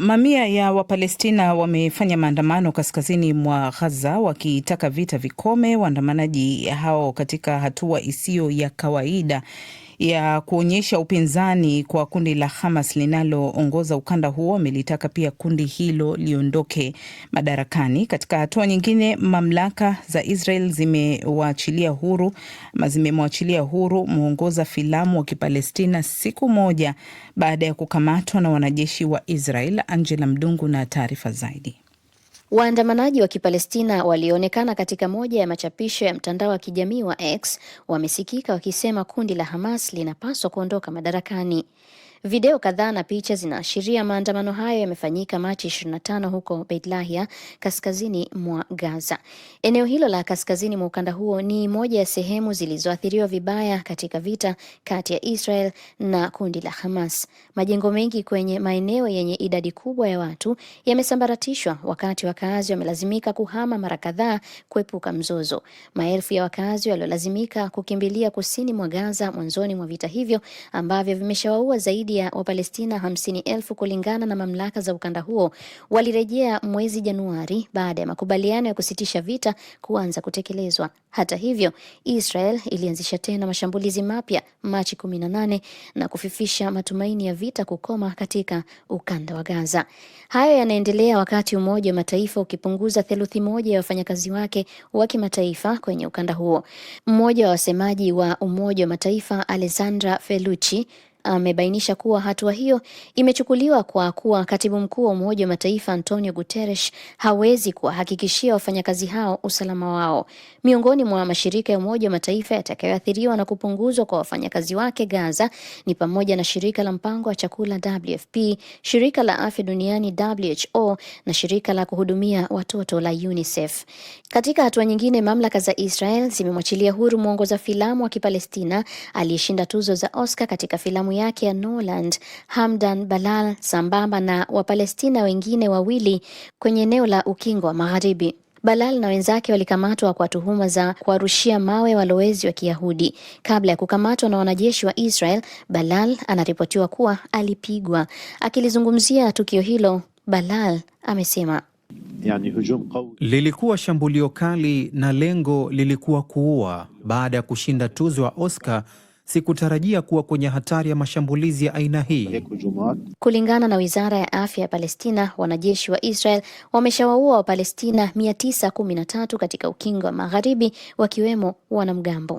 Mamia ya Wapalestina wamefanya maandamano kaskazini mwa Gaza wakitaka vita vikome. Waandamanaji hao katika hatua isiyo ya kawaida ya kuonyesha upinzani kwa kundi la Hamas linaloongoza ukanda huo amelitaka pia kundi hilo liondoke madarakani. Katika hatua nyingine, mamlaka za Israel zimewaachilia huru ama zimemwachilia huru mwongoza filamu wa Kipalestina siku moja baada ya kukamatwa na wanajeshi wa Israel. Angela Mdungu na taarifa zaidi. Waandamanaji wa Kipalestina walioonekana katika moja ya machapisho ya mtandao wa kijamii wa X wamesikika wakisema kundi la Hamas linapaswa kuondoka madarakani. Video kadhaa na picha zinaashiria maandamano hayo yamefanyika Machi 25 huko Beit Lahia, kaskazini mwa Gaza. Eneo hilo la kaskazini mwa ukanda huo ni moja ya sehemu zilizoathiriwa vibaya katika vita kati ya Israel na kundi la Hamas. Majengo mengi kwenye maeneo yenye idadi kubwa ya watu yamesambaratishwa, wakati wakaazi wamelazimika kuhama mara kadhaa kuepuka mzozo. Maelfu ya wakaazi waliolazimika kukimbilia kusini mwa Gaza mwanzoni mwa vita hivyo ambavyo vimeshawaua zaidi zaidi ya Wapalestina hamsini elfu kulingana na mamlaka za ukanda huo walirejea mwezi Januari baada ya makubaliano ya kusitisha vita kuanza kutekelezwa. Hata hivyo, Israel ilianzisha tena mashambulizi mapya Machi 18 na kufifisha matumaini ya vita kukoma katika ukanda wa Gaza. Hayo yanaendelea wakati Umoja wa Mataifa ukipunguza theluthi moja ya wafanyakazi wake wa kimataifa kwenye ukanda huo. Mmoja wa wasemaji wa Umoja wa Mataifa Alessandra Felucci amebainisha kuwa hatua hiyo imechukuliwa kwa kuwa katibu mkuu wa Umoja wa Mataifa Antonio Guterres hawezi kuwahakikishia wafanyakazi hao usalama wao. Miongoni mwa mashirika ya Umoja wa Mataifa yatakayoathiriwa na kupunguzwa kwa wafanyakazi wake Gaza ni pamoja na shirika la mpango wa chakula WFP, shirika la afya duniani WHO na shirika la kuhudumia watoto la UNICEF. Katika hatua nyingine, mamlaka za Israel zimemwachilia huru mwongoza filamu wa Kipalestina aliyeshinda tuzo za Oscar katika filamu yake ya Norland Hamdan Balal sambamba na Wapalestina wengine wawili kwenye eneo la Ukingo wa Magharibi. Balal na wenzake walikamatwa kwa tuhuma za kuwarushia mawe walowezi wa Kiyahudi. Kabla ya kukamatwa na wanajeshi wa Israel, Balal anaripotiwa kuwa alipigwa. Akilizungumzia tukio hilo, Balal amesema Lilikuwa shambulio kali na lengo lilikuwa kuua. Baada ya kushinda tuzo ya Oscar sikutarajia kuwa kwenye hatari ya mashambulizi ya aina hii. Kulingana na wizara ya afya ya Palestina, wanajeshi wa Israel wameshawaua Wapalestina 913 katika ukingo wa magharibi, wakiwemo wanamgambo.